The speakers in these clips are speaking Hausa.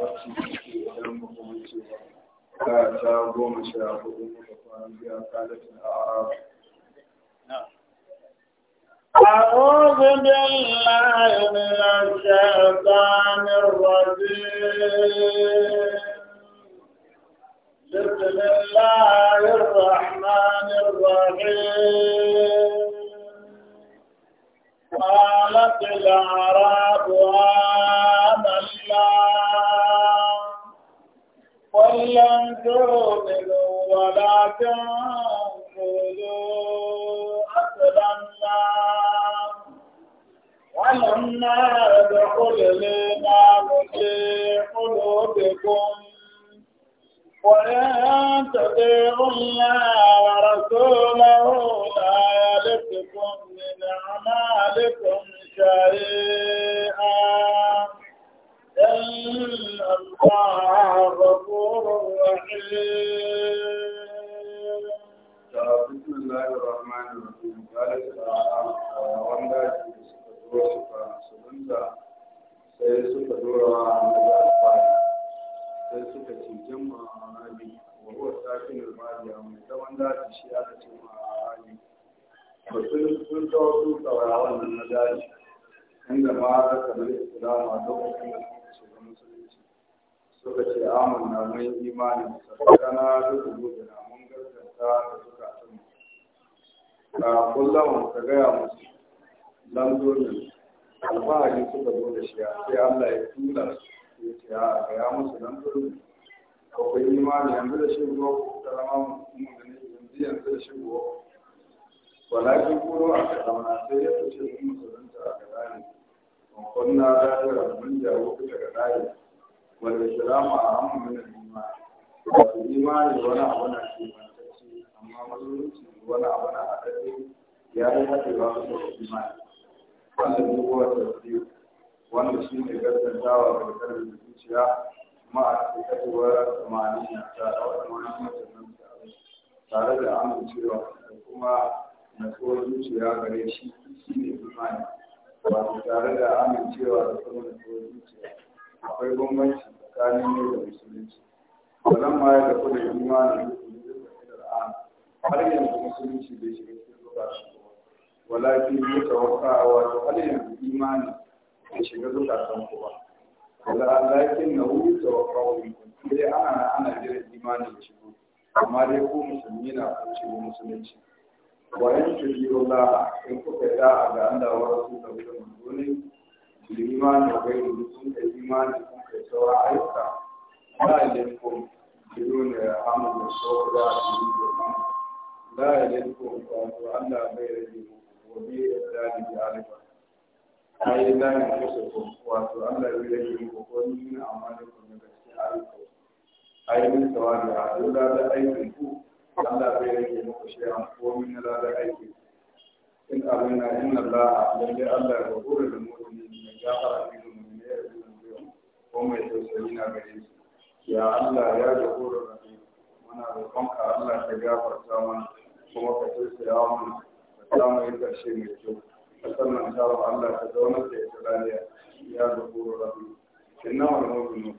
wacce take idan muka wuce ba ta goma sha hudu muka kwana biya kalatin a arabu أعوذ بالله من الشيطان الرجيم بسم الله الرحمن الرحيم قالت الأعراب آمنا Wallantoro ne lo wadatan kolo asalan na. Wallan na da kulle na muke kulo da kun. Wallan ta ɗe unya wa raso na hula ya lefe kun ne na amalekun shari'a. إن الله غفور رحيم بسم الله الرحمن الرحيم قال تعالى وأنا sai suka dora sai suka mai zaman daji shi aka ce sun na suka ce amun na mai imanin sassana duk gudana mun gaskanta da suka tun ka kullum ka gaya musu nan dole alfahari suka zo da shi sai Allah ya tura ya ce a gaya musu dan dole akwai imanin yanzu da shigo ta zama mutum da ne yanzu da shigo walakin kuro a ka zauna sai ya fice mun musulunta a gada ne kun na zaɓi a mun jawo daga ne wanda shirama a hamu min al-iman wato imani wani abu na ke mantacce amma musulunci wani abu na haɗaɗe ya yi haɗewa su da imani wanda ne kowa tafiye wanda shi ne gaskantawa zuciya a cikakewar samani na ta ɗaukar wani tare da amincewa da kuma natsuwar zuciya gare shi shi ne imani wato tare da amincewa da kuma natsuwar zuciya akwai bambanci tsakanin yau da musulunci wannan ma ya tafi da imani har yanzu musulunci bai shiga cikin shi ba walakin ya tawaka wato har yanzu imanin bai shiga zukatan kowa walakin na wuri tawaka wuri sai ana ana jira imanin ya shigo amma dai ko musulmi na shigo musulunci wa yanzu yi Allah in kuka a ga Allah wa rasulullah da manzo da imani da bai da sun da imani sun kai sauran ayyuka la ilaikum bidun amal da sauran da sun da la ilaikum wato Allah bai rage muku wa bi zalika alifa ai la ilaikum wato Allah bai rage muku ko ni da ku ne gaskiya ayyuka ai min tawadi a dole da aikin ku Allah bai rage muku shi an ko min da aikin ku in abin na inna Allah lalle Allah ya gura da mu'minin mai ya fara da mu'minin ya yi mu'minin ko mai tausayi na gare shi. ya Allah ya gura da muna roƙon ka Allah ta gafarta mana kuma ka tausaya mana ka samu yin ƙarshe mai kyau ka sannan Allah ta zaunar da ita lafiya ya gura da mu'minin inna wal mu'minin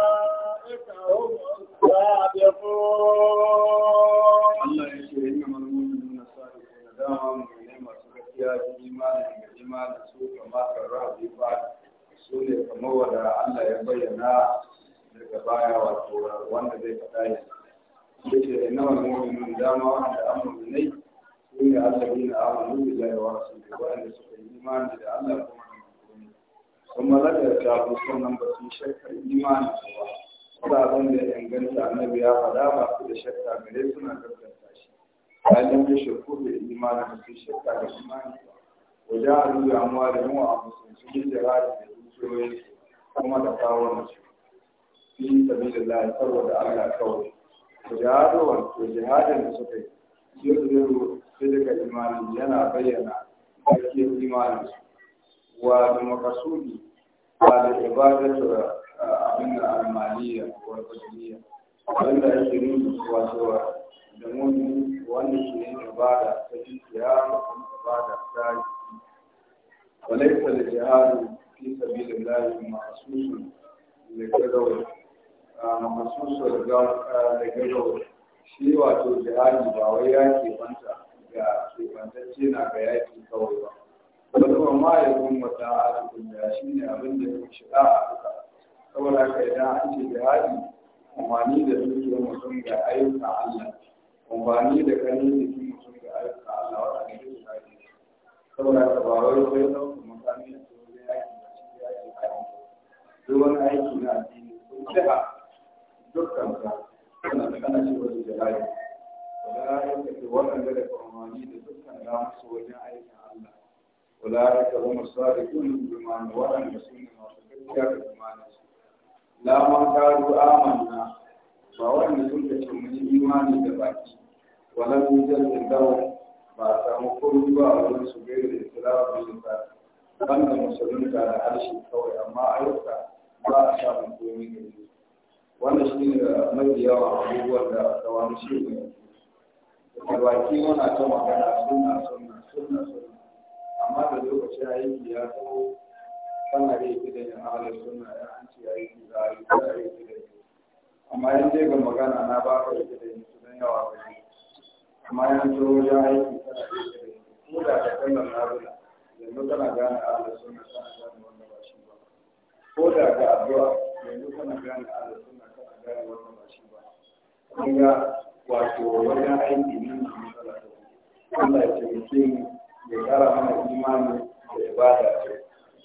Allah ya ce na dama mai masu gaskiya da imanin da imanin kamata su ne Allah ya bayyana daga baya wato wanda zai ya ce inna da dama wanda an mulmai su ne da suka yi imani da Allah kuma da mutum. Kuma zaka ta fi sannan ba su shakkar imanin ba. bisa abin da ya inganta annabi ya faɗa masu da shakka gare suna gaskanta shi halin ya shakku da imani da su shakka da imani wajen alu amma da mu a musulunci da jihar da dukiyoyin kuma da kawo su fi sabi da lai saboda allah kawai jihadarwar to jihadin da suka yi yau da yau sai daga imanin yana bayyana ƙarfin imanin su wa da makasudi ba da ibadatu abin da almaliya ko alfajiriya wanda yake nuna cewa cewa da mumin wanda ke yin ibada ta dukiya da kuma ibada ta jiki walaisa da jihadu fi sabilillahi ma'asusun da gagawai ma'asusun da gagawai shi wato jihadi ba wai yaki wanta ga kebantacce na ga yaki kawai ba wani ma ya kuma wata a da shi ne abin da ya shiga a duka saboda ka idan an ce jihadi amfani da dukiya mutum ga ayyuka Allah amfani da kanin jikin mutum ga ayyuka Allah wanda ne jihadi saboda ka ba wai sai ɗaukar mutane da su zai aiki da shi ya yi aiki duk wani aiki na addini sun jiha dukkan ka suna da kana ce wasu jihadi wala ya kace waɗanda da amfani da dukkan damar su wajen aikin Allah wala ya kace wa musari'un bi ma'ana waɗanda su ne masu gaskiya da imanin su lamun karu amanna ba wanda sun da ce mun imani da baki walam yujal dawo ba samu kuri ba a wurin su gaira da islamu bin ta banda musulunta da harshe kawai amma ayyuka ba a samun komai da su wannan shi ne mafi yawa abubuwan da tsawon shi ne da baki muna ta magana suna suna suna suna amma da lokacin aiki ya zo kana iya kidan yin ahalar suna ya an ce ya yi kiza a yi kiza a yi kidan yi amma yin dai ga magana na ba ka yi kidan yi sunan yawa ba ne amma yan to ya aiki kana iya da yi ko da ka sallar nabila yanzu kana gane ahalar suna kana gane wanda ba shi ba ko da ka addu'a yanzu kana gane ahalar suna kana gane wanda ba shi ba ga wato wajen aiki ne mai matsala ta Allah ya taimake mu ya kara mana imani da ibada ta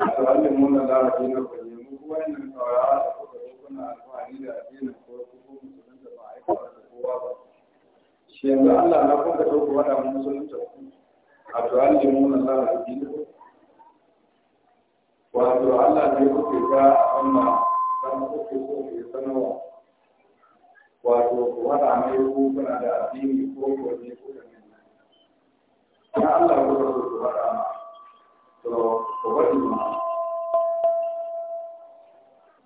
alhalin muna larabi na kwaye mu wannan saurara da kuka zo kuna alfahari da addinin ko kuma musulun da ba a aikata da kowa ba shi yanzu Allah na kuka zo ku wada musulun da ku a tuhalin muna larabi na wato Allah ne kuke ga wannan dan kuke so ku sanarwa wato ku wada mai ku kuna da addini ko ko ku da na Allah kuka zo ku wada ma wani ma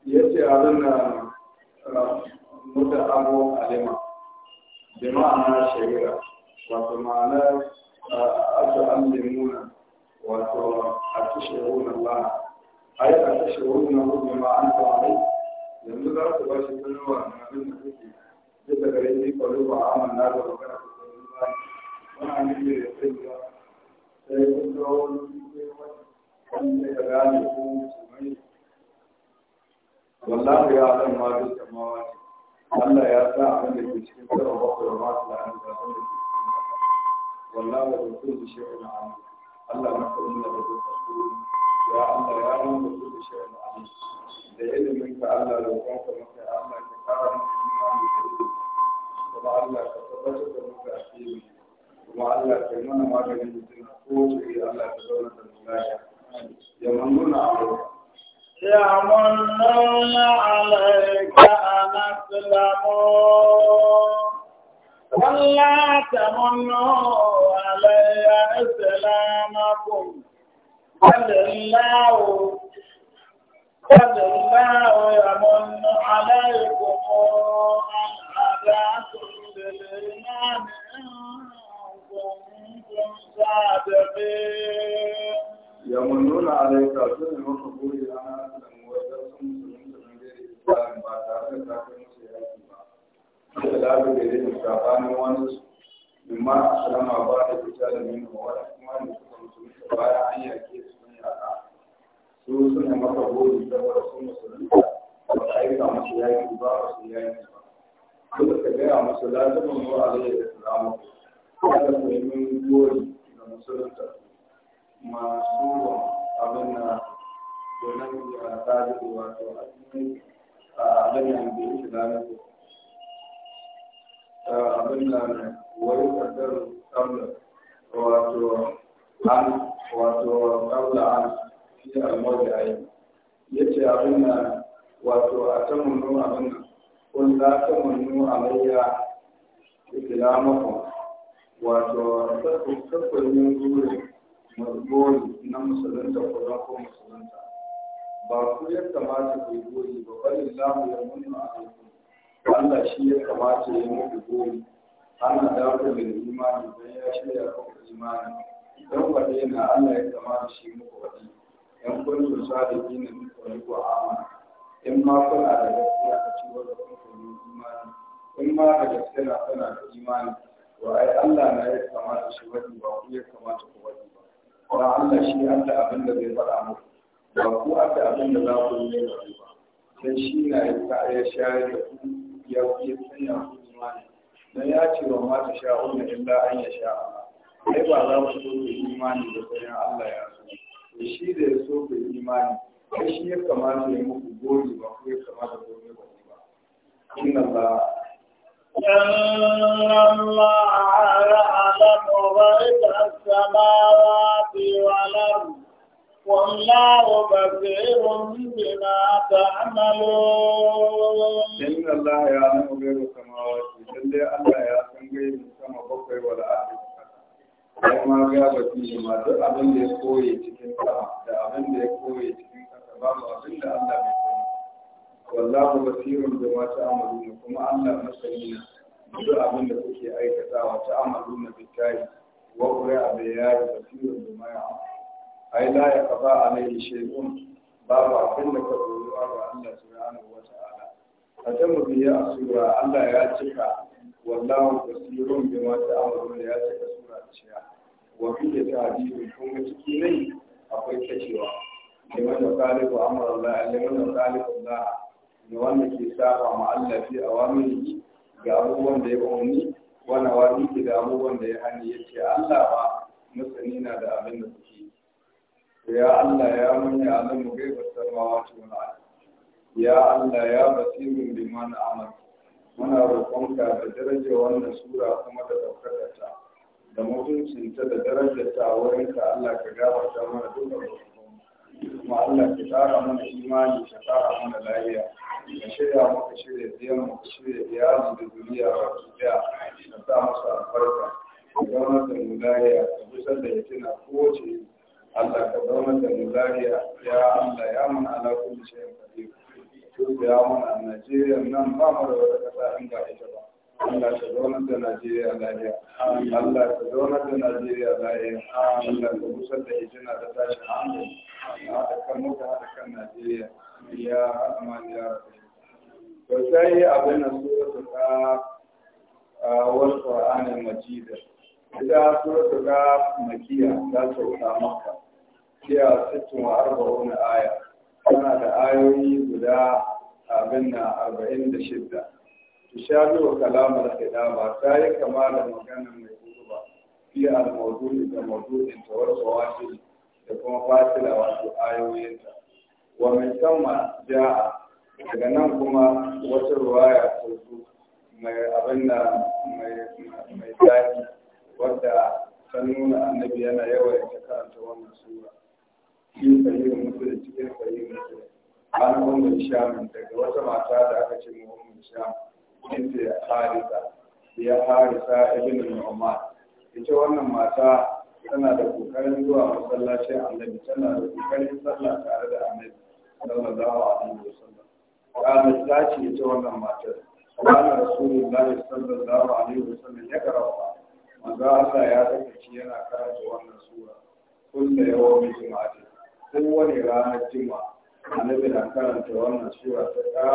ya ce abin da mutu abu alima bi ma'ana shari'a wato ma'ana asu an limuna wato a tashiruna ba ai a tashiruna hudu ma'anta alai yanzu za ku ba shi sanarwa na abin da kuke duk da gare ni kwallo ba amanna da magana da kwallo ba wani abin da ya sai ba sai kun ga wani والله يعلم ما في السماوات الله يسعى عمل في شيء ترى بقر ما والله بكل شيء عليم الله مكتوب لنا بكل يا الله يا رب بكل شيء عليم لأن منك لو كنت منك الله كفارا وما الله كتبت منك أكيد وما الله ما بين الدنيا قوة إلى الله تدور الملاك يمنون عليك يمنون عليك أن أسلموا ولا تمنوا علي إسلامكم بل الله بل الله يمن علي sabanin wani su mimma aslama ba da fita da min wala kuma ne suka musulunta bayan an yake su sun yaka su suna maka gori saboda sun musulunta ba ka aika musu yaki ba ba su yaki ba duk ka gaya musu lazumin a alayhi da salamu kada ku yi min gori ga musulunta masu abin na domin ya sadu wato a cikin abin da ya shiga na abin da nan wai kaddar kabla wato an wato kabla an shi almawda ayi yace abin nan wato a ta munnu abin nan kun za ta munnu alayya mako?" wato yin guri mazgoli na musulunta ko don ko musulunta ba ku yadda kamata ku yi gori ba bari lahu ya munnu alaikum Allah shi ya kamata ya muku gori ana dawo da imani don ya shirya muku imani don wanda yana Allah ya kamata shi muku wadi yan kuntu sadiki ne muku wani ko amana in ma kuna da gaskiya ka ci wanda kuka yi imani in ma da gaskiya na kuna da imani Wa ai Allah na ya kamata shi wadi ba ku ya kamata ku wadi ba kuma Allah shi an da abin da zai faɗa muku ba ku an da abin da za ku yi ba sai shi na ya shayar da ku ya ya sanya su imani dan ya ce wa ma ta sha'una illa an ya sha Allah ai ba za mu so ka yi imani da sayan Allah ya so to shi da ya so ka yi imani kai shi ya kamata ya muku gori ba ku ya kamata gori ba ba inna Allah إن الله يعلم غيب السماوات والأرض والله بصير بما تعملون إن الله يعلم غير السماوات لله الله يعلم غير السماء بقي ولا أحد kuma ya bati ma duk abin da ya koye cikin sama da abin da ya koye cikin ƙasa babu abin da Allah bai sani wallahu basirun bi ma ta'maluna kuma Allah masani na duk abin da kuke aikatawa ta'maluna bi tayi wa qura bi ya ai la ya nan alaihi shay'un babu abin da ka tsoro ga Allah subhanahu wata'ala katamu bihi asura Allah ya cika wallahu basirun bima ta'malun ya cika sura ciya wa bi da ta'dilu kun ga ciki ne akwai kacewa liman da qalibu amara Allah liman da qalibu Allah ne wanda ke saba ma Allah fi awamiri ga abubuwan da ya umarni wani wani da abubuwan da ya hani yace Allah ba masani na da abin da suke يا الله يا من يعلم غيب السماوات والارض يا الله يا بصير بما نعمل muna roƙonka da daraja wannan sura kuma da ɗaukaka ta da mutuncinta da darajar ta wurin ka Allah ka gabata mana duka kuma Allah ka tsara mana imani ka tsara mana lafiya ka shirya maka shirya biyan maka shirya iyali da duniya ba su daya ka sa musu albarka ka zama da mu lafiya ka kusan da yatina kowace Allah ka zama da mu ya Allah ya mun ala kulli shay'in qadir to ya mun a Najeriya nan ba mu da wata kasa in ba ita ba Allah ka zauna da Najeriya lafiya Allah ka zauna da Najeriya lafiya Allah ka busar da hijina da tashin hankali da kan muka da kan Najeriya ya Rahman ya Rahim to sai abin nan suratul ka wal Qur'anil Majid ita suratu ga makiya ta sauka maka kiya sittin wa arba'un tana da ayoyi guda abin na arba'in da shidda tushabi wa kalamar khidaba ta yi kama da maganar mai kutuba fi al-mawdu'i da mawdu'in ta da kuma wasu ayoyinta wa mai daga nan kuma wata ruwaya ta mai abin na mai zafi wadda ta nuna annabi yana yawaita karanta wannan sura shi sahih da cikin sahih muslim an ummu sham daga wata mata da aka ce mu ummu sham binti harisa ya harisa ibn al-umar ita wannan mata tana da kokarin zuwa masallacin annabi tana da kokarin sallah tare da annabi sallallahu alaihi wasallam kana ta ce ita wannan matar kana rasulullahi sallallahu alaihi wasallam ya karawa manzo Allah ya shi yana karanta wannan sura kullu yawmin juma'a wani ranar juma'a annabi na karanta wannan sura ta ka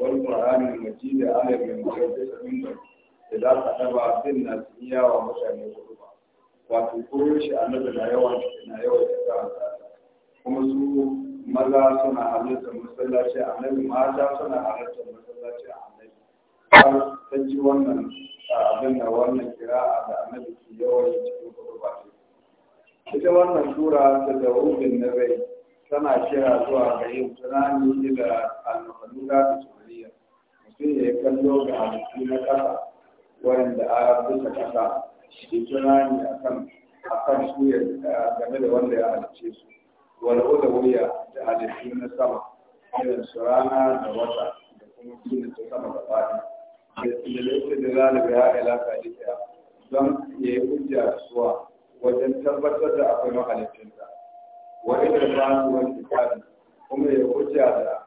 wal qur'anul majid ala min mujaddid min bai da za ka taba bin na duniya wa mutane gudu ba wato koyo shi annabi na yawan na yawan karanta kuma su maza suna halartar masallaci annabi mata suna halartar masallaci annabi har ta ji wannan abin da wannan kira a da annabi ke yawan cikin kudu ba ita wannan tura ta dawudin na rai tana kira zuwa ga yin tunani da almalura da suriya mutum ya kallo ga halittu na ƙasa wanda a bisa ƙasa shi tunani akan akan su game da wanda ya halicce su walau da wuya da halittu na sama irin su rana da wata da kuma tunan ta sama da fadi da laifin da zalika ya alaka da ya don ya yi hujja suwa wajen tabbatar da akwai mahalicinta wa ita ba su wani tsari kuma ya hujja da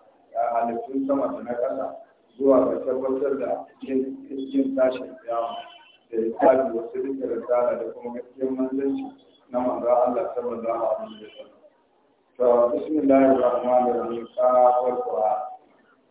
halittun sama da na ƙasa zuwa ga tabbatar da cikin tashin kiyama da tsari wasu duka da tsara da kuma gaskiyar manzanci na manzan Allah sallallahu alaihi wa sallam. To bismillahir rahmanir rahim ka farko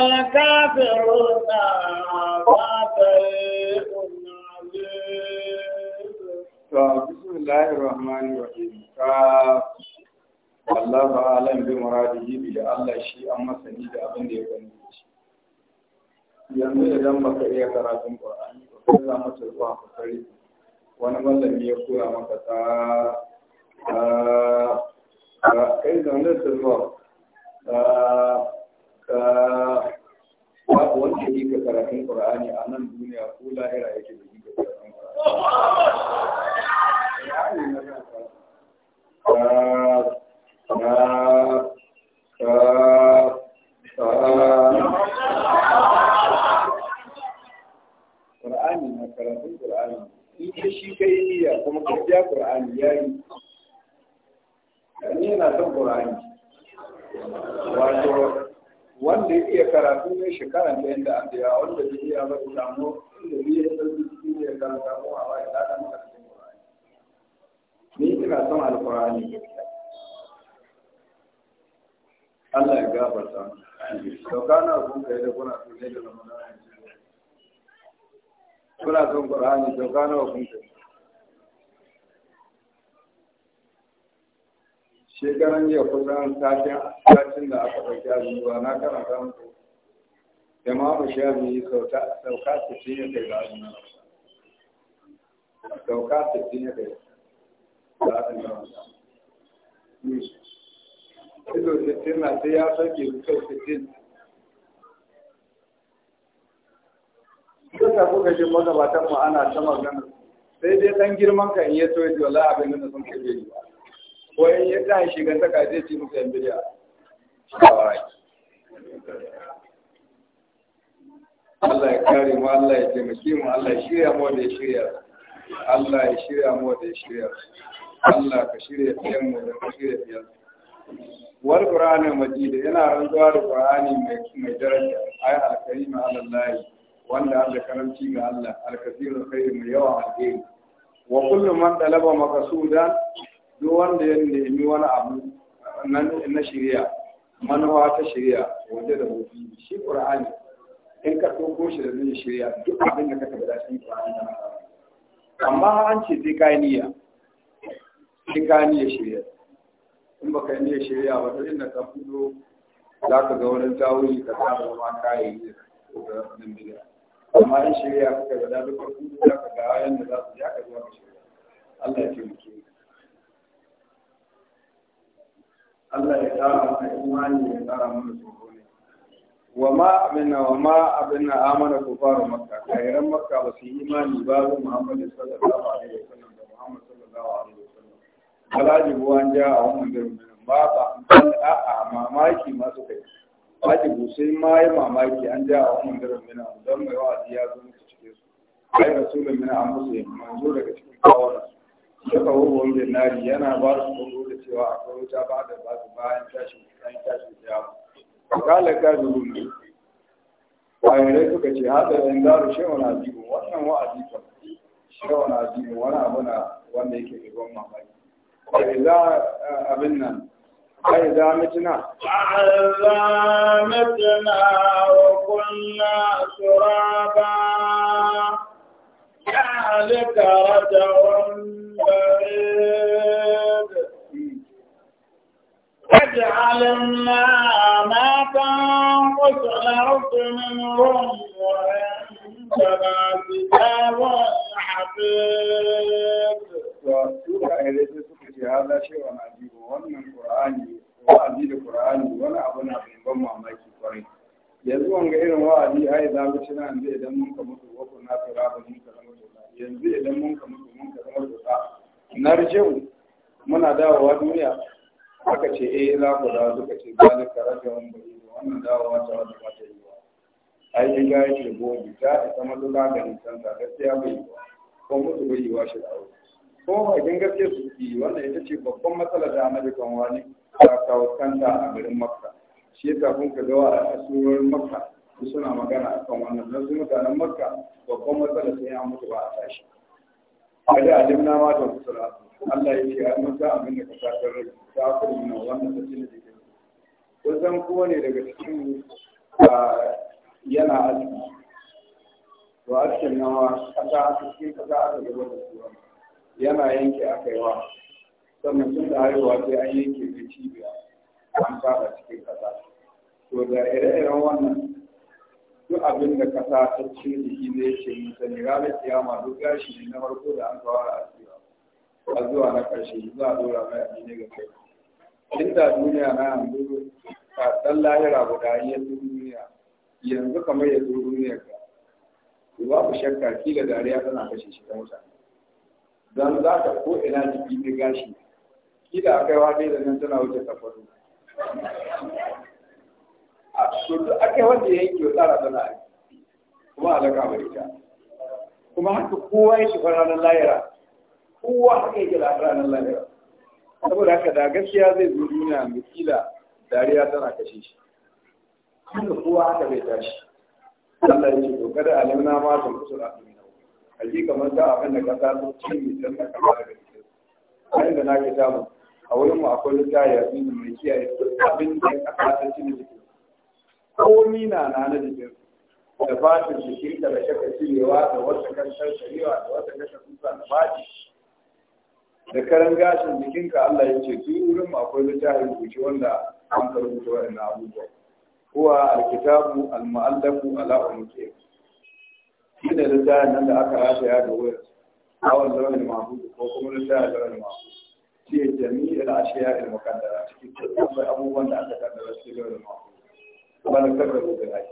والكافرون فاتيهم Allah ba alam bi muradihi bi da Allah shi an masani da abin da ya gani yanzu idan baka iya karatun Qur'ani ba za mu wani mallami ya koya maka ta ta kai zaune ka babu wanda yi ka karatun Qur'ani a nan duniya ko lahira yake da yi ka karatun Qur'ani. Ƙur'ani na karatun Ƙur'ani, ita shi ka yi niyya kuma gaskiya Ƙur'ani ya yi. Ni yana son Ƙur'ani. Wato, wanda ya iya karatu ne shekara ɗaya da an biya wanda bai iya ba samu inda bai ya sauki cikin ya karanta ko a bai da kan karatun Qur'ani ni ina son alqur'ani Allah ya gafarta to kana kun kai da kuna so ne da Ramadan kuna son Qur'ani to kana kun kai shekaran jiya kusan satin da aka ɗauki a na karanta muku jama'a sauka sittin ya kai ga azumi sauka ya kai na sai ya sauke kyau sittin Kuka kuka shi magabatan mu ana ta magana sai dai ɗan girman ka in ya so ya ji wala abin da ko in ya sa shiga saka zai ce musu yan bidiya Allah ya kare mu Allah ya taimake mu Allah ya shirya mu da ya shirya Allah ya shirya mu da ya shirya Allah ka shirya fiyan mu da ka shirya fiyan wal qur'an majid yana rantsuwa da qur'ani mai mai daraja ay al karim ala allah wanda Allah karanci ga Allah al kasir khair mai yawa alheri wa kullu man talaba maqsuda duk wanda ya nemi wani abu na shirya manawa ta shirya wanda da mutu shi qur'ani in ka ɗauko shi da zai shirya duk abin da ka tabbata shi qur'ani na amma an ce sai kai niyya sai ka niyya shirya in baka niyya shirya ba to inda ka fito za ka ga wani tawuri ka samu ma kayayyaki da nan bid'a amma in shirya kuka ga da duk za ka ga yadda za su ja ka zuwa shirya Allah ya taimake ka Allah ya ƙara mana imani ya ƙara mana tsoro ne wa ma amina wa ma abinna amana kufaru makka kairan makka ba su yi imani ba ga Muhammad sallallahu alaihi wasallam da Muhammad sallallahu alaihi wasallam alaji an ja a wannan garin ba ba a a mamaki masu kai wajibu sai ma yi mamaki an ja a wannan garin mina don mai wa'azi ya zo musu cikin su ai rasulun mina an musu manzo daga cikin kawalan ya kawo wanda nari yana ba su cewa akwai wuta ba da ba bayan tashi bayan tashin kiyama kala kafirun ne ayyare suka ce hada in zaru shehun azibu wannan wa'azi kan shehun azibu wani abu na wanda yake da ban mamaki ai za eh, abin nan ai za mutuna za mutuna wa kunna turaba ya alika rajawun bari قد علمنا ما تنقص الأرض منهم وعندنا كتاب حفيظ da Qur'ani wani abu na bin mamaki kwarai yanzu wanga irin wa'azi ai za mu ci nan idan mun ka mutu na tura ba mun ka zama doka yanzu idan mun ka mutu mun ka zama doka narjeu muna dawowa duniya aka ce eh za ku dawo suka ce zalika rajulun bayyin wannan dawowa ta wata mata yi ba. ai in ga yake gobe ta isa matuƙa ga nisan ta gaskiya bai yi ba. ko mutu bai yi wa shi da aure ko bakin gaske su yi wannan ita ce babban matsala da amali kan wani ta kawo kanta a garin makka shi ya kun ka ga a asurorin makka su suna magana a kan wannan don su mutanen makka babban matsala sai an mutu ba a tashi kada a dimna ma ta kusura Allah ya ce an ga abin da ka fatar rai ta kuma nuna wannan da cikin jikin kusan kowane daga cikin yana azumi to askin nawa kasa a cikin kasa aka gaba da suwa yana yanke a kaiwa sannan tun da haihuwa sai an yanke da cibiya an saba cikin kasa to da ire-iren wannan duk abin da kasa ta cikin jiki ne ce misali ranar kiyama duk gashi ne na farko da an kawara a a zuwa na ƙarshe za a dora mai ne ga kai inda duniya na yanzu a ɗan lahira guda yanzu duniya yanzu kamar ya zo duniya ka ku shakka kila dariya tana kashe shi ta mutane don za ka ko ina jiki ne gashi kila akai wa dai da nan tana wuce ta kafaru a sotu duk yi wanda ya yanke tsara tana kuma alaka bai ta kuma haka kowa ya fara ranar lahira kowa haka yake da ranar lahira saboda haka da gaskiya zai zo duniya mai kila dariya tana kashe shi haka kowa haka zai tashi Allah ya ce to kada nuna ma ta musu rafi hakika kamar ga abin da kasa sun ci mai don da kama daga cikin bayan da na ke samu a wurin mu akwai lita ya zini mai kiyaye duk abin da kasa ta ci mai jikin komi na na na jikin da fatin jikin da da shaka cirewa da wata kan shari'a da wata kashe kusa da baji da karan gashin jikinka Allah ya ce su wurin akwai littafin rubuce wanda an ka rubuta waɗannan abubuwa huwa alkitabu almu'allafu ala umke shi ne littafin nan da aka rataya ga wurin, awon lauyin mahmud ko kuma littafin lauyin mahmud shi ne jami'in ashiya ilmukaddara cikin abubuwan da aka kaddara cikin lauyin mahmud ba da kaddara da rai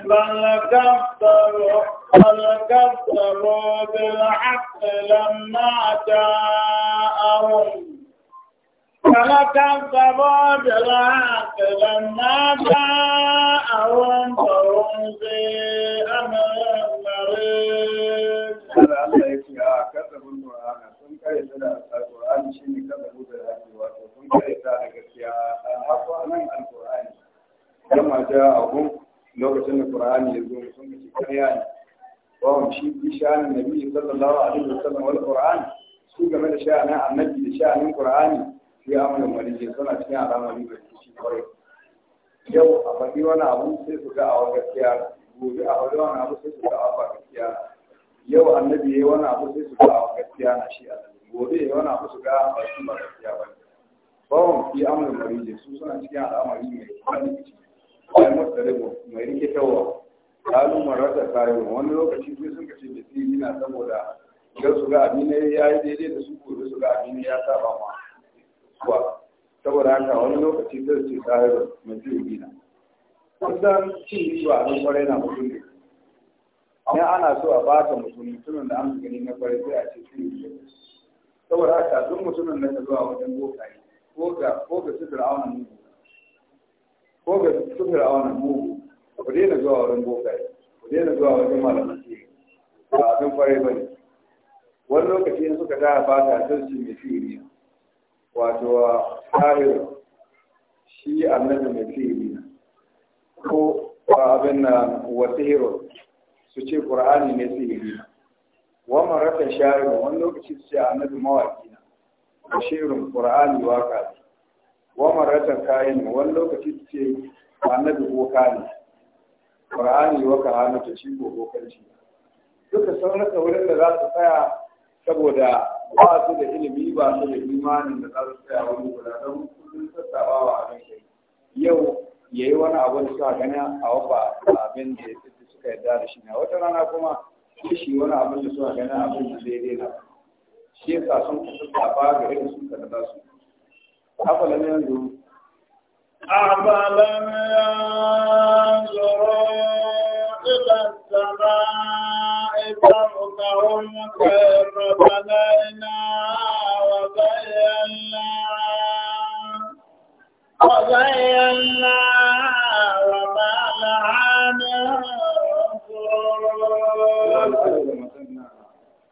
بل كذبوا بل كذبوا بالحق لما جاءهم بل كذبوا بالحق لما جاءهم فهم في أمر مريض. كذبوا القرآن sun kare ta da alƙur'ani shi ne kada buɗe haƙi wato sun kare ta da gaskiya a haƙwanin alƙur'ani kama ja a gun lokacin da qur'ani ya zo sun ce ƙarya ne wa shi bi sha'anin nabi sallallahu alaihi wasallam wal qur'an su game da sha'anin annabi da sha'anin qur'ani fi wani waliyyi suna cikin al'amari da shi kawai yau a faɗi wani abu sai su ga a gaskiya gobe a faɗi wani abu sai su ga a gaskiya yau annabi yayi wani abu sai su ga a gaskiya na shi a gobe yayi wani abu su ga a ba gaskiya ba ne bawon fi amalin waliyyi su suna cikin al'amari mai kwarai ai mutaribu mai rikitarwa kalu marata kayo wani lokaci sai sun kace da sirri na saboda idan su ga abin ya yi daidai da su gobe su ga abin ya saba ma kuwa saboda haka wani lokaci sai ce kayo mai sirri na kusan cin riba abin kwarai na mutum ne in ana so a bata mutum mutumin da an gani na kwarai sai a ce sirri ne saboda haka duk mutumin da ta zuwa wajen bokaye ko ga ko ga su fir'auna mutum ko ga su fir'auna mu ku daina zuwa wurin bokaye ku daina zuwa wajen malaman sihiri ba abin kwarai ba ne wani lokaci in suka tara fata sun su mai sihiri wato tahir shi annabi mai sihiri ko ba abin na wasihiro su ce qur'ani ne sihiri wa maratan sha'ir wani lokaci su ce annabi mawaki na shirin qur'ani waka wa maratan kayan wani lokaci ta ce annabi boka ne qur'ani wa kahana ta ci go bokanci duka sauraka wurin da za su tsaya saboda ba su da ilimi ba su da imanin da za su tsaya wani guda don kullum sassaɓa wa abin kai, yau ya yi wani abu da suka gani a wafa abin da suka yarda da shi na wata rana kuma shi wani abin da suka gani abin da daidai na shi yasa sun kusa ba ga irin sun kada su أفلم ينظروا أفلم ينظروا إلى السماء فوقهم كيف بنيناها وزيناها وزيناها وما لها من فروج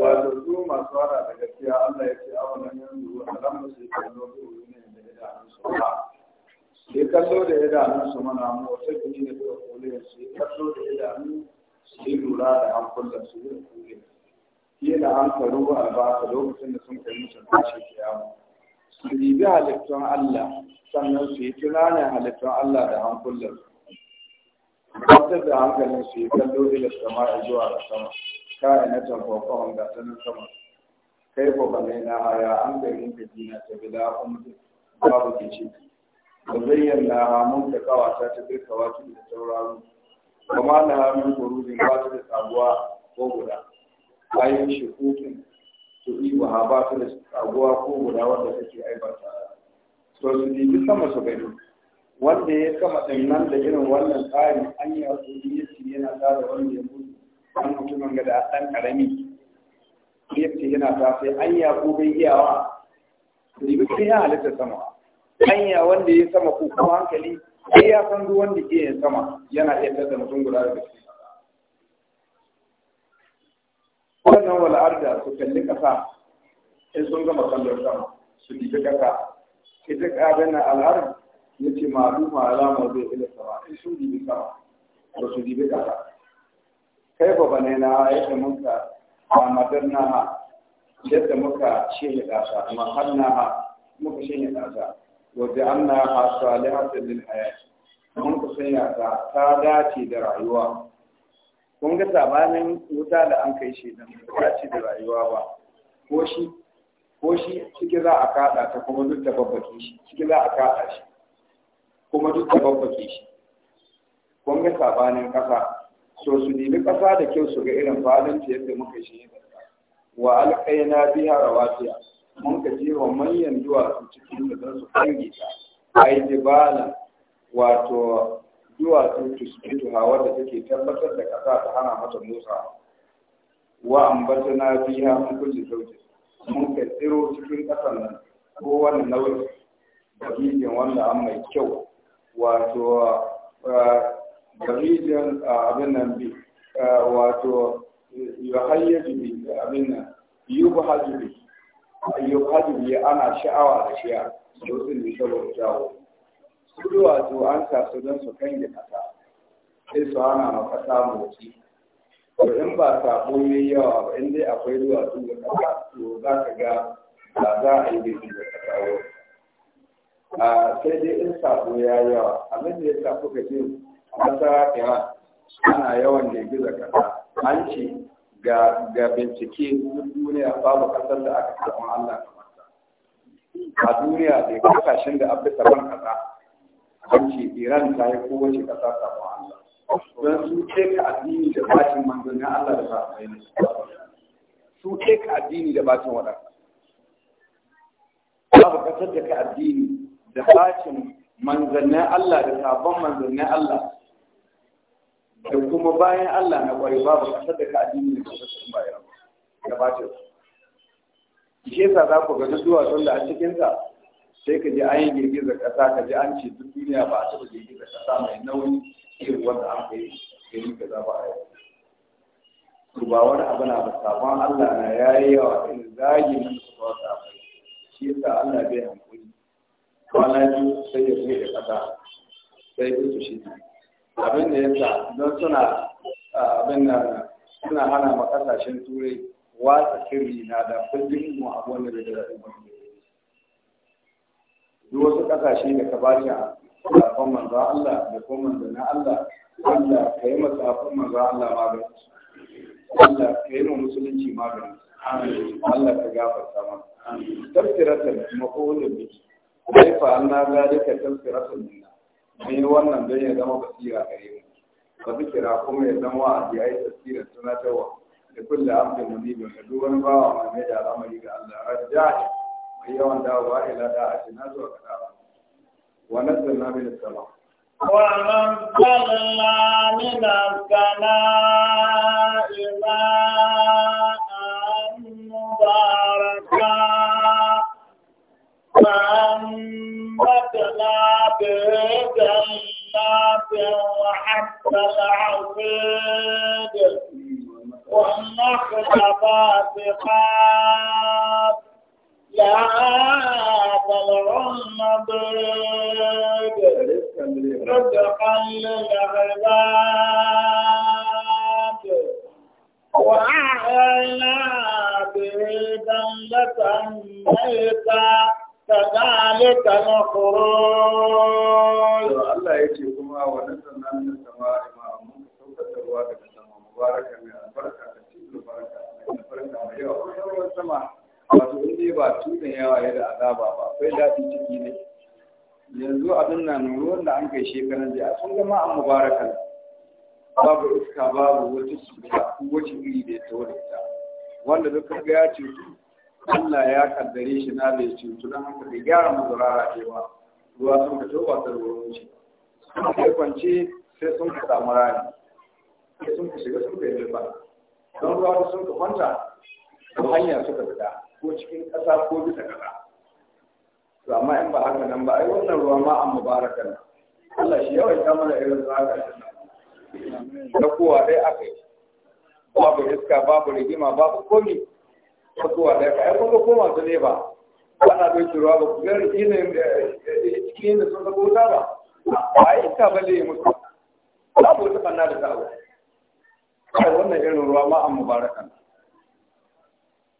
wato su masu hada da gaskiya Allah ya ce awon nan yanzu a ran musu kallo da ne da idanun su ba sai kallo da idanun su mana mu wata gini ne da kule su kallo da idanun su yi lura da hankulan su da kule ke da an karu a ba lokacin da sun kai musu tashi kiyama su ribi halittun Allah sannan su yi tunanin halittun Allah da hankulan su Wata da hankalin su yi kallo ila sama a zuwa da sama kayan na tamfafon ga sanin sama kai ko ba mai na haya an ga yin kaji na ta bila kun babu ke ce ba zayyana mun da kawata ta bai kawaki da sauraro Kama na hamin kurujin ba ta da sabuwa ko guda bayan su yi wa ha ba ta da sabuwa ko guda wanda take aibata so su dibi sama su gani wanda ya kama nan da irin wannan tsari an yi wasu yace yana tsara wanda ya mutu an mutumin ga da ɗan ƙarami yace yana ta sai an yi ko bai iyawa ribi sai ya halitta sama an ya wanda ya sama ko kuma hankali sai ya san duk wanda ke yin sama yana iya tattara mutum guda da shi wannan wani arda su kalli ƙasa. in sun gama kallon sama su dibi ƙasa ita na al'arda ya ce ma dufa alama zai ila sama in sun dibi sama ba su dibi kasa kai ba bane na yadda muka amadar na ha yadda muka shirya kasa har na ha muka shirya kasa wadda an na ha salihatan lil hayati mun ku sanya ta ta dace da rayuwa kun ga sabanin wuta da an kai shi da dace da rayuwa ba ko shi ko shi ciki za a kada ta kuma duk da babbaki shi ciki za a kada shi kuma duk da babbake shi kun ga sabanin kasa so su nemi kasa da kyau su ga irin falin ta yadda muka shi wa alqaina biha rawatiya mun ka ji wa manyan duwatsu cikin da za su kange ta ai jibala wato duwatsu tusbitu hawa da take tabbatar da kasa ta hana mata musa wa ambatana biha mun kulli sauki mun ka tsiro cikin kasan nan ko wani nau'in da wanda an mai kyau wato barijin uh, uh, abin nan bi uh, wato yuhayyaji bi abin nan yubhaji bi yubhaji bi ana sha'awa da shiya dokin ne saboda jawo su duwatsu an sa su don su kan kasa sai su ana maka samu ci to in ba sabo yayi yawa ba in dai akwai duwatsu ga kasa to za ka ga ba za a yi da kasa sai dai in sabo ya yawa abin da ya sa kuka ce kasa iran ana yawan gida kasa an ce ga ga bincike duk duniya babu kasar da aka samu Allah kamar ta a duniya da kasashen da abin saman kasa an ce iran ta yi kowace kasa samu Allah don su ce ka addini da bacin manzannin Allah da ba su ce ka addini da bacin waɗanda babu kasar da ka addini da bacin manzannin Allah da sabon manzannin Allah da kuma bayan Allah na ƙwari babu kasar da ka addini da kasar sun bayan da bacin su. Shi za ku ga duk duwatsun da a cikinsa sai ka ji an yi girgiza ƙasa ka ji an ce duk duniya ba a taɓa girgiza ƙasa mai nauyi irin wanda an kai gari ka za ba a yi to ba wani abu na ba sabon Allah na yayi yawa in zagi musu su ba ta shi yasa Allah bai kwana biyu sai ya buɗe ƙasa sai ya shi. abin da yasa don suna abin da suna hana ma kasashen turai watsa sirri na da kullum mu abu wanda bai da ubangiji duk wasu ƙasashe da ka bashi a safon manzo Allah da kuma manzo na Allah Allah ka yi masa safon manzo Allah magani Allah ka yi ma musulunci magani Allah ka gafarta masa tafsiratan da biki fa an na ga duka tafsiratun nuna mun yi wannan don ya zama basira gare mu ba kira kuma ya zama a ji ai tafsirar tunatarwa da kulle abdin munibin da duk wani bawa ma mai da al'amari ga Allah rajja mai yawan dawowa ila da a na zuwa ga ba. wa na min sama wa nazzalna min as kana أرسلنا به جنات وحب العصيد والنخل باسقات لا طلع النضيد رزقا للعباد وأحيينا به جنة a نخرج الله يجي كما ونزلنا من السماء ماء مكسوكة الواد كما مباركة من البركة تشيب البركة من البركة وهي أخرى sama, wato in dai ba tunan yawa ya da azaba ba akwai daɗi ciki ne yanzu abin na ruwan da an kai shekaran jiya sun zama a Mubarakar babu iska babu wata su ko wace iri da ya tawo wanda duk ga ya ce Allah ya kaddare shi na bai cutu don haka da gyara mazurara ce ba ruwa sun ka toba ta ruwan shi sun kai kwanci sai sun ka samu rani sai sun ka shiga sun ka yi ba don ruwa sun ka kwanta ko hanya suka fita ko cikin ƙasa ko bisa ƙasa to amma in ba haka nan ba ai wannan ruwa ma an mubaraka ne Allah shi yawai ta mana irin zaka da kowa dai aka yi babu iska babu rigima babu komi fasuwa da ka ai kuma koma su ne ba ana bai turuwa ba ku ga rikinin eh, cikin yin da sun zabo ta ba a yi ka balle musu babu wata kanna da ta'awa kai wannan irin ruwa ma an mubaraka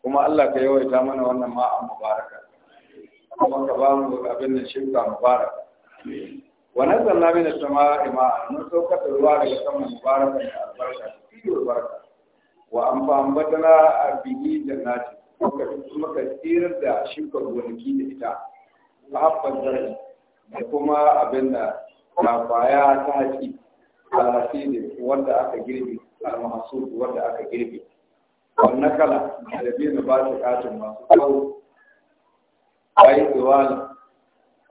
kuma Allah ka yawaita mana wannan ma an mubaraka kuma ka ba mu abin da shi ka mubaraka wa nazzalna min as-sama'i ma'an mun saukar da ruwa daga saman mubaraka da albarka cikin barka wa an fambatana a bihi jannati kuma ka tsirar da shukar gonaki da ita a haɓar zarai da kuma abin da ta baya ta haƙi alhasidi wanda aka girbe almahasu wanda aka girbe wannan kala da biyu ba ta katin masu kawo a yi tsiwalin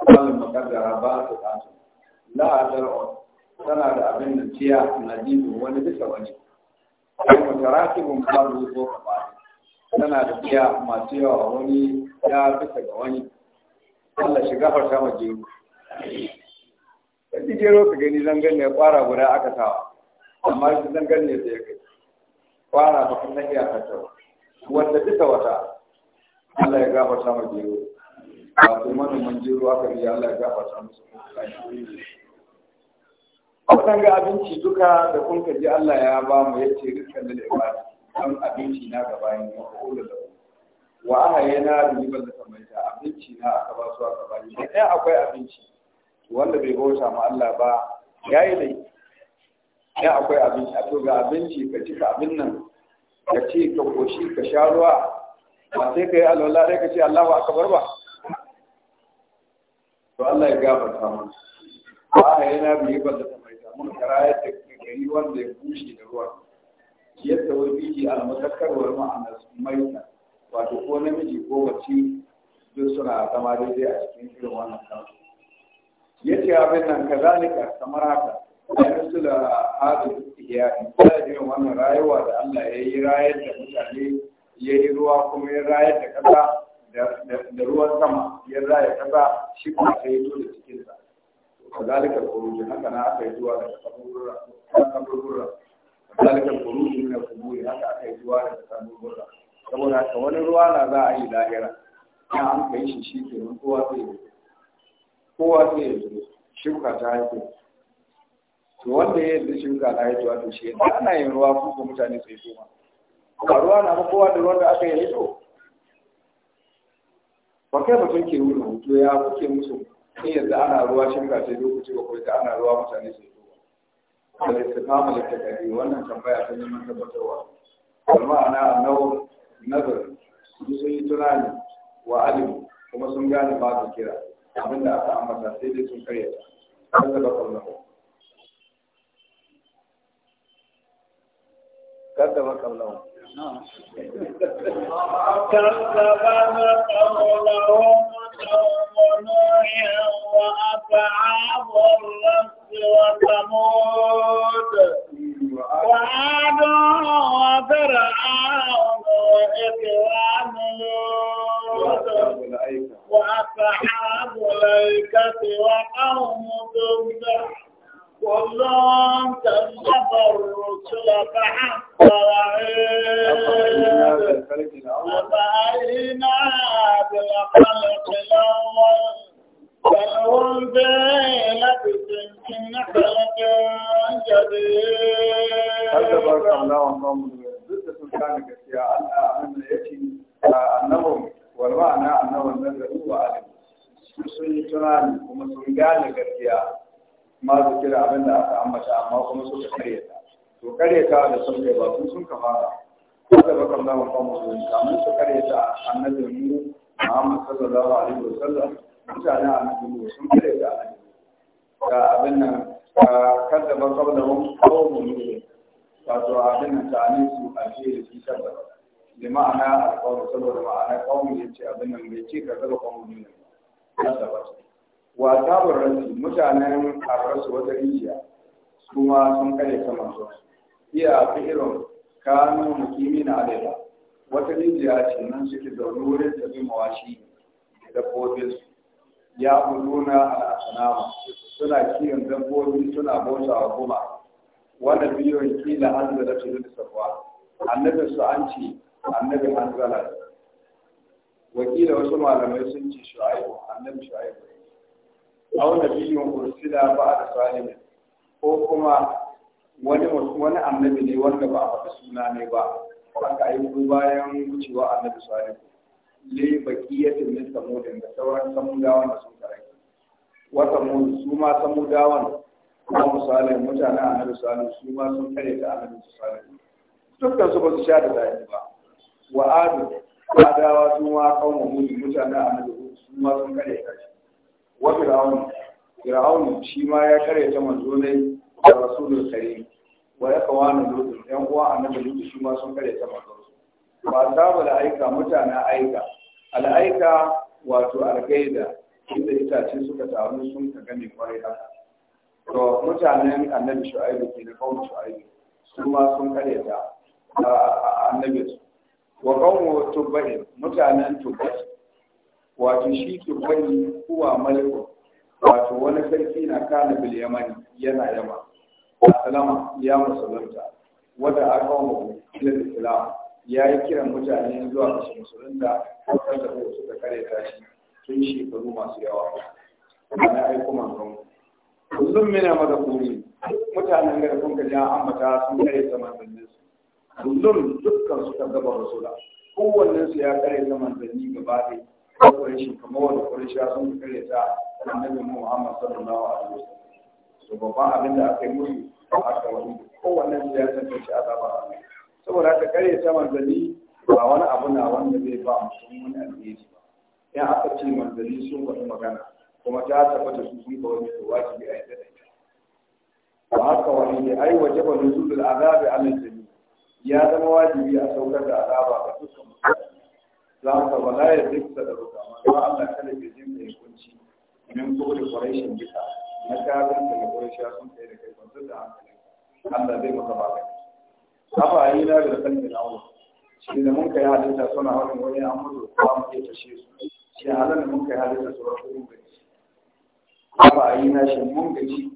tsarin makaddara ba ta katin la'adar tana da abin da tiya na jibi wani bisa wani ko mutarakibun faru ko tana da biya masu yawa wani ya bisa ga wani Allah shiga farta ma jero kaji jero ka gani zangan ne kwara guda aka tawa amma shi zangan ne sai kai kwara ba kan nahiya ka tawa wanda bisa wata Allah ya gafarta ma jero ba kuma manoman jero aka yi Allah ya gafarta musu ga abinci duka da kun ka ji Allah ya ba mu ya ce rizkan da ba an abinci na gaba ne ya kula da wa aha yana da ribar da abinci na aka ba su aka ne da ɗaya akwai abinci wanda bai bauta ma Allah ba ya yi dai ɗaya akwai abinci a to ga abinci ka ci ka abin nan ka ci ka koshi ka sha ruwa ba sai ka yi alwala dai ka ce Allahu akbar ba to Allah ya gafarta mu wa aha yana da ribar da muka rayar da gari wanda ya bushe da ruwa yadda wai biki almuzakkarwar ma'ana maita wato ko namiji ko mace duk suna zama daidai a cikin irin wannan kansu yace abin nan kazalika kamar haka ai su da ya yi. ta irin wannan rayuwa da Allah ya yi rayar da mutane ya yi ruwa kuma ya rayar da kasa da ruwan sama ya raya kasa shi kuma sai ya zo da cikinsa وذلك الخروج هكذا أتى زوار القبور القبور وذلك الخروج من القبور هكذا أتى زوار القبور saboda haka wani ruwa na za a yi lahira ya an kai shi shi ke nan kowa zai yi kowa zai yi ta haifu to wanda ya yi na haifu wato shi yadda ana yin ruwa kuma mutane sai koma ba ruwa na ba kowa da ruwan da aka yi ba kai ba ke hoto ya kuke musu in yanzu ana ruwa shirka sai lokaci ba kawai ana ruwa mutane sai to da istiqama da takadi wannan tambaya ta neman tabbatarwa wal ma'ana annahu nazar su sun yi tunani wa alim kuma sun gane ba su kira abinda aka ambata sai dai sun karyata kan da bakar nahu كذب قبلهم كذب قبلهم وأصحاب الرس وثمود وعاد وفرعون وإكرام وأصحاب الأيكة وقوم تبدأ كلهم كذب الرسل فحق وعيد kuma sun karyata to karyata da sun kai ba sun sun kamara wanda ba kan zama kan musulunci amma su karyata annabi mu Muhammad sallallahu alaihi wasallam mutane annabi mu sun karyata annabi da abin nan kada ba kawai da wani kawo mu ne wato abin nan ta ne su a ce da shi tabbata da ma'ana alƙawar saboda ma'ana ƙawon ya ce abin nan bai ce ka zaba ƙawon ne ba wata barasi mutanen a arasu wata rijiya kuma sun kare ta manzo iya fi'irun kanu na alaiha wata rijiya ce nan suke zaune wurin da bi mawashi da dabbobin su ya buluna al'asanama suna kiyon dabbobi suna bauta wa goma wanda biyoyin kila hanzala su da safuwa annabi su an ce annabi hanzala wakila wasu malamai sun ce shu'aibu annabi shu'aibu aw nabiyyun ursila da salihin ko kuma wani wani annabi ne wanda ba a faɗi suna ne ba aka ku bayan wucewa annabi salihu le baqiyatin min samudin da sauran samudawan da sun tare wa samud su ma samudawan kuma misalin mutanen annabi salihu su ma sun tare da annabi salihu dukkan su ba su sha da zai ba wa adu adawa su ma kauma mutane annabi su ma sun da shi wa fir'auna fir'aunu shi ma ya karyata manzo ne da rasulul karim wa ya kawo na lutu yan uwa annabi lutu shi ma sun karyata manzo ba sabu da aika mutanen aika al'aika wato gaida inda itace suka taru sun ka gane kwarai haka to mutanen annabi shu'aibu ke da kawo shu'aibu su ma sun karyata annabi su wa kawo tubbai mutanen tubbai wato shi tubbai kuwa malikun wato wani sarki na kana bil yamani yana yama salama ya musulunta wanda aka mu ila islam ya yi kiran mutane zuwa ga musulunta kan da suka kare ta shi tun shekaru masu yawa ana aiko manzon kullum mina maza kuri mutanen da kun ga an ambata sun kare ta manzannin su kullum dukkan su ta gaba rasula kowannen su ya kare ta manzanni gaba ɗaya ko ƙurishi kamar wani ƙurishi ya sun kare ta annabi Muhammad sallallahu alaihi wasallam to babban abin da aka yi musu a aka wani kowanne su ya san shi azaba saboda haka kare ta manzanni ba wani abu na wanda zai ba mutum wani alheri ba in aka ce manzanni sun faɗi magana kuma ta tabbata su sun ga wani to wajibi a yadda da ita ba haka wani ne ai wajaba nuzulul azabi alal jami ya zama wajibi a saukar da azaba ga dukkan mutum za ka wala ya zikta da ruka amma Allah kada ke jin da hukunci min ko da quraishin bisa na kafin da quraisha sun kai da kai kwantar da hankali Allah zai maka kai haka ayi na da kan da nawo shi da mun kai halitta suna wani wani an mutu ba mu ke tashe su shi halan da mun kai halitta suna mun gaji haka yi na shi mun gaji,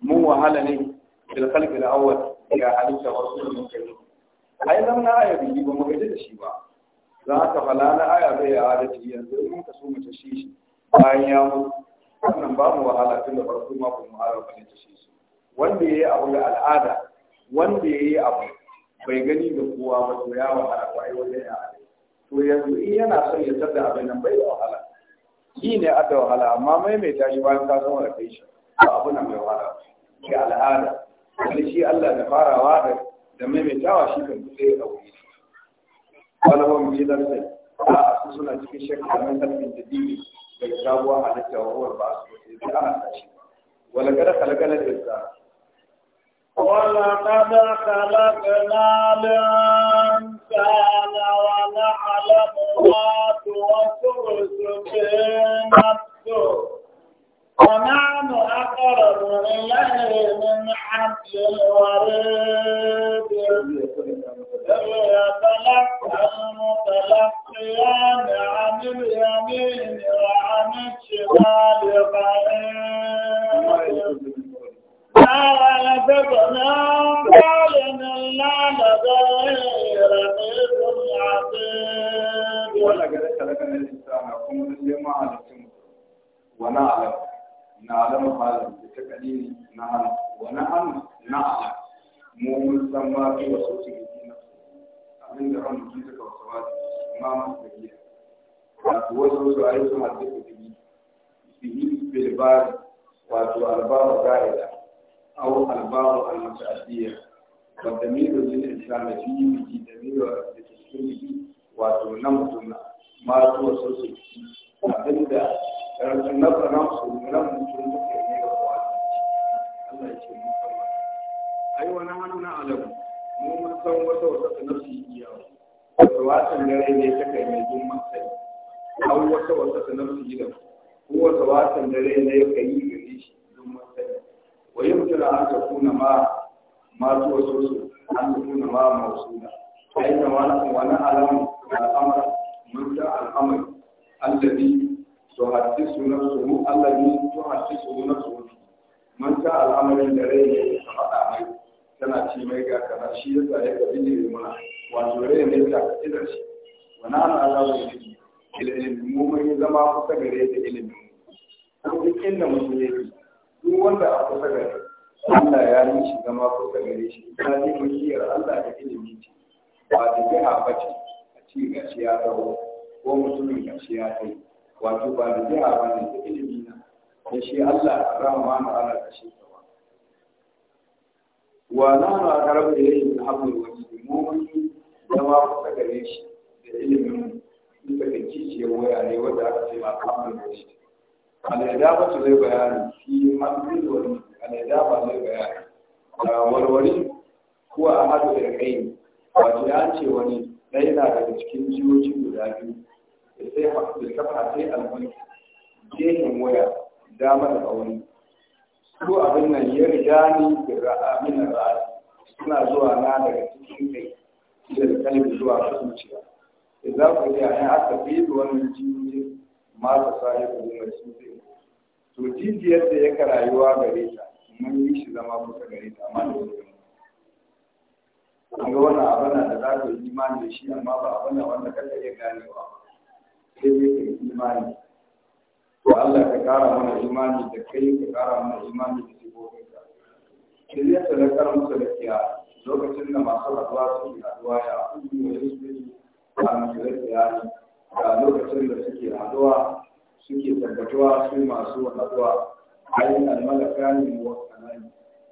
mun wahala ne da kalbi da awwal ga halitta wasu mun kai ai zamna ayabi ba mu gaji da shi ba don haka bala na aya bai ya adalci yanzu in ka so mu ta shi bayan ya mutu wannan ba mu wahala tun da farko ma ku mu wahala ba ne shi wanda ya yi abu da al'ada wanda ya yi abu bai gani da kowa ba to ya wahala ko ai wanda ya to yanzu in yana son ya tada abin nan bai wahala shi ne adda wahala amma maimaita shi bayan ka san da kai shi ba abu nan mai wahala shi al'ada wani shi Allah da farawa da maimaitawa shi kan dole ya dauke shi wani wani milan sai a su suna cikin shakka na tafin da dini daga sabuwa a da kyawawar ba su sai sai ana tashi wala kada kalakala da isa wala kada kalakala da insana wa na'lamu ma tuwaswisu bi nafsihi ونحن أقرب إليه من حبل الوريد إذ يتلقى المتلقيان عن اليمين وعن الشمال قعيد ما يلفظ من قول إلا لديه رقيب عتيد ولقد خلقنا الإنسان قم لما علمتم ونعلم نعلم حالا بتكليل نعلم ونعلم نعلم مو من سماك وصوتك inda ran ji suka wasu wasu ma masu tafiya wato wasu su a yi su masu tafiya bihi bilbari wato albabu ga'ida au albabu al-muta'addiya wa damiru lil insani fi biki damiru da ke cikin wato na mutum ma zuwa so su ci abinda na tsanan su na mutum da ke yi wa Allah ya ce mu ai wannan wani alamu mun san wata wata ta nafsi iya wata wasan dare ne ta kai mai jin masai an wata wata ta nafsi iya ko wata wasan dare ne ya kai yi gare shi jin masai wa yi mutum an ta kuna ma masu wasu su an ta kuna ma masu da ai da wani wani alamun al'amara mun san al'amari allazi tuhaddisu nafsuhu su tuhaddisu nafsuhu man ta al'amarin dare ne ya faɗa mai tana ce mai ga kana shi ya tsaye ga bin mana wato rai ne ta idan shi wani ana alawa ne ilimin mu mun zama kusa gare da ilimin mu duk inda mutum yi. duk wanda a kusa gare Allah ya yi shi zama kusa gare shi ta ne mulkiyar Allah da ilimi shi. ba da jiha a bace a ci shi ya zaho ko mutumin gashi ya kai wato ba da jiha a bace da ilimi na da shi Allah rahama na Allah da shi Wana na na karabu da yake da haɓar wani domin zama kusa gare shi da ilimin sun daga kijiyar waya ne wanda aka ce ma haɓar da shi al'adaba ta zai bayani fi manzil wani al'adaba zai bayani da warware ko a hadu da kai ne, wato ya ce wani ɗaya na daga cikin jihohi guda biyu da sai kafa sai al'ulki gehen waya dama da ƙauri ko abin nan ya riga ni da amina ba suna zuwa na daga cikin kai da kalbi zuwa zuciya Za ku ji ai aka bi wannan jinjin ma ta sai ku mai sunce to jinjiyar da ya rayuwa gare ta mun yi shi zama kusa gare ta amma da wani Kuma ga wannan abin da za ka yi imani da shi amma ba abin da wanda kaka iya ganewa sai dai ka yi imani to Allah ka kara mana imani da kai ka kara mana imani da sifofinka shirya sadakar musalakiya lokacin da masu rabuwa suke haduwa ya kudu da yusuf a musalakiya a lokacin da suke haduwa suke tabbatuwa su masu haduwa ayin almalaka ne muwakkalani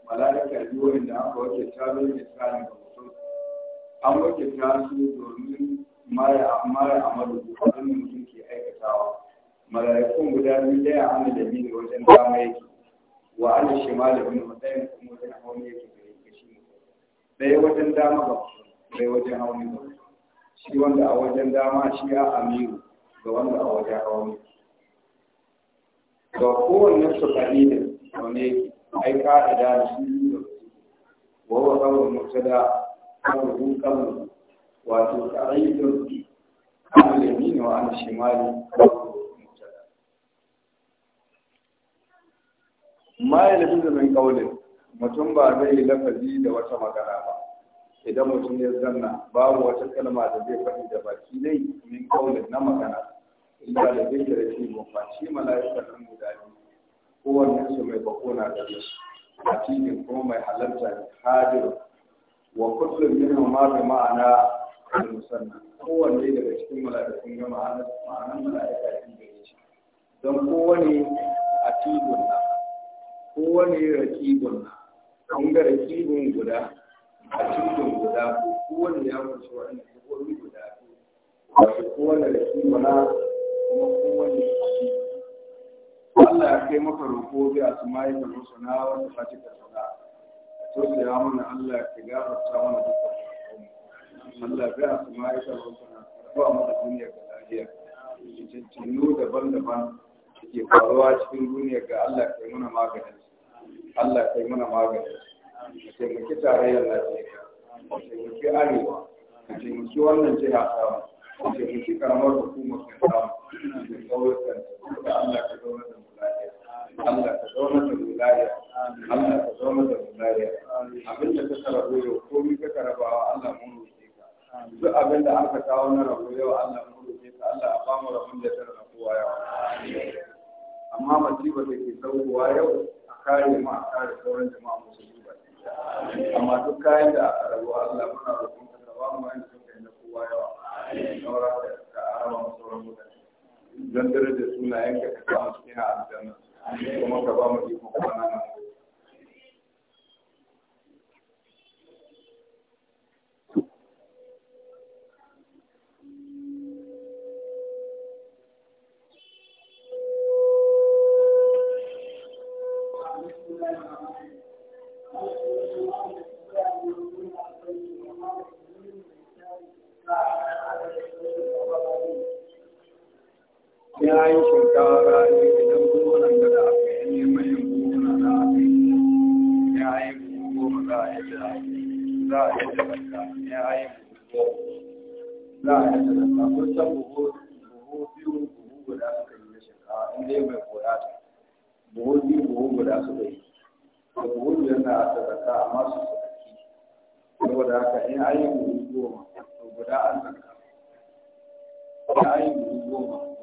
mala'ika biyu wanda aka wake ta don misalin ga mutum an wake ta su domin mara amalu da mutum ke aikatawa mala'ikun guda biyu daya an da bi da wajen dama yake wa an shimal ibn husayn kuma wajen hauni yake da yake shi daya wajen dama ba daya wajen hauni ba shi wanda a wajen dama shi ya amiru ga wanda a wajen hauni ga kowanne su kalilin wani yake ai ka'ida da shi da wa wa kawai mutada kawai kawai wato ta'ayyukan amalin ne wa an shimali ma ya lafi da min kaulin mutum ba zai yi lafazi da wata magana ba idan mutum ya zanna babu wata kalma da zai faɗi da baki dai min kaulin na magana illa da zai kira shi mu faci mala'ika nan guda biyu kowanne su mai bakona da shi a cikin kuma mai halarta hadir wa kullum minhu ma bi ma'ana al-musanna kowanne daga cikin mala'ikun ga ma'ana ma'anar mala'ika din da shi don wani a cikin kowane rakibun an ga rakibun guda a cikin guda ko. kowane ya kusa wani kowane guda wasu kowane rakibun na kuma kowane Allah ya kai maka roƙo bi a su mai da musu na wanda fati ka sana to sai ya mana Allah ya gafarta mana duka Allah ya su mai da musu na ba mu da duniya ga lafiya cikin daban-daban suke faruwa cikin duniya ga Allah kai muna maganin Allah kai muna maganin ka taimaki tarayyar Najeriya ka taimaki Arewa ka taimaki wannan jiha samu ka taimaki karamar hukumar kan samu da kauyukan da Allah ka zauna da mu Allah ka zauna da mu Allah ka zauna da mu lafiya abin da ka karabo yau komai ka karabawa Allah mun roƙe ka duk abin da aka kawo na rabo yau Allah mun roƙe ka Allah a bamu rabon da ta rabuwa yau amma masifa da ke saukowa yau a kare ma a kare sauran jama'a musulmi ba amma duk kayan da aka rabu Allah muna roƙon ka ba mu wani da kai na kowa yawa saura da ka araba mu sauran mutane don dare da sunayen ka ka ba mu cikin aljanna kuma ka ba mu iko kuma nan ya yi shinkafa ne za a yi da za a yi da ya yi za a yi da buhu biyu buhu guda shinkafa koya ta buhu biyu buhu guda buhu amma su buhu ya buhu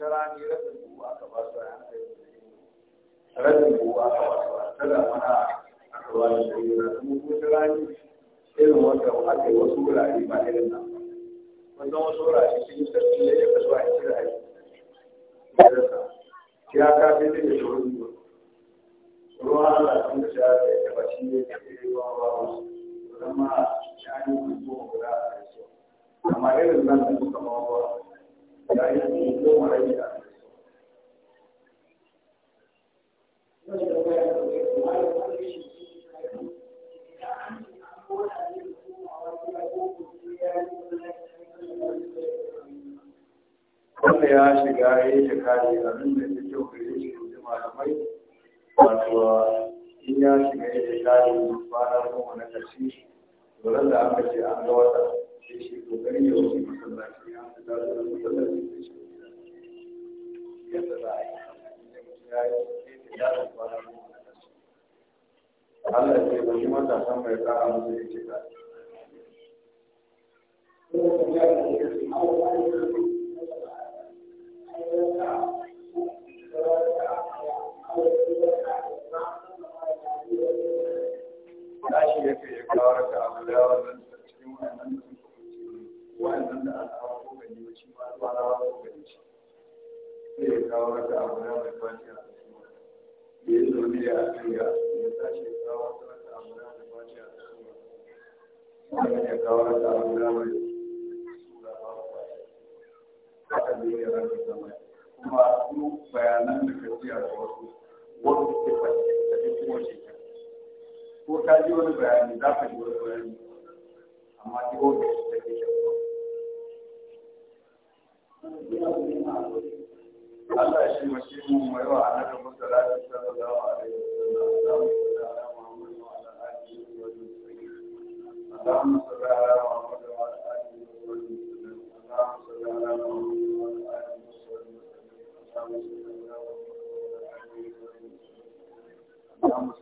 ta rani rabin buhu aka ba su rabin buhu aka ba su mana aka ba su ta rani irin wanda aka yi wasu wurare ba irin nan wanda wasu wurare sun yi sarki da ya kasu ya ka fi da ya ne ruwa Allah sun da shi ne fi ruwa ba zama ya yi kuma da suka wanda ya shiga ya yi shekari abin da ya kyau gare shi da malamai wato in ya shiga ya shekari kwana na ƙarshe da aka ce an ga wata sai shi kokari ya da da za a yi Allah ya ce ba shi matasan mai kara musu ya ce ta. ya da abu cikin wannan wa'annan da aka hawa ko gani ba shi ma ko gani shi sai ya kawo raka abu na mai fatiha a cikin wata ya yi zaune ya ajiya ya tashi ya kawo wata abu na mai fatiha a cikin wata ya kawo raka abu na mai ba ku fatiha haka ne ya kuma su bayanan da gajiya a wasu wasu ke fatiha da kuma shekara ko ka ji wani bayani za ka ji wani bayani amma wani da ke kyau Allah shi mashi mu mai wa annabi musallatu sallallahu alaihi wasallam da ala Muhammad wa ala alihi wa sahbihi Allahumma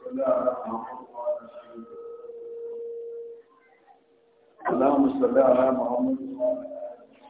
salli ala Muhammad wa اللهم صل على محمد وعلى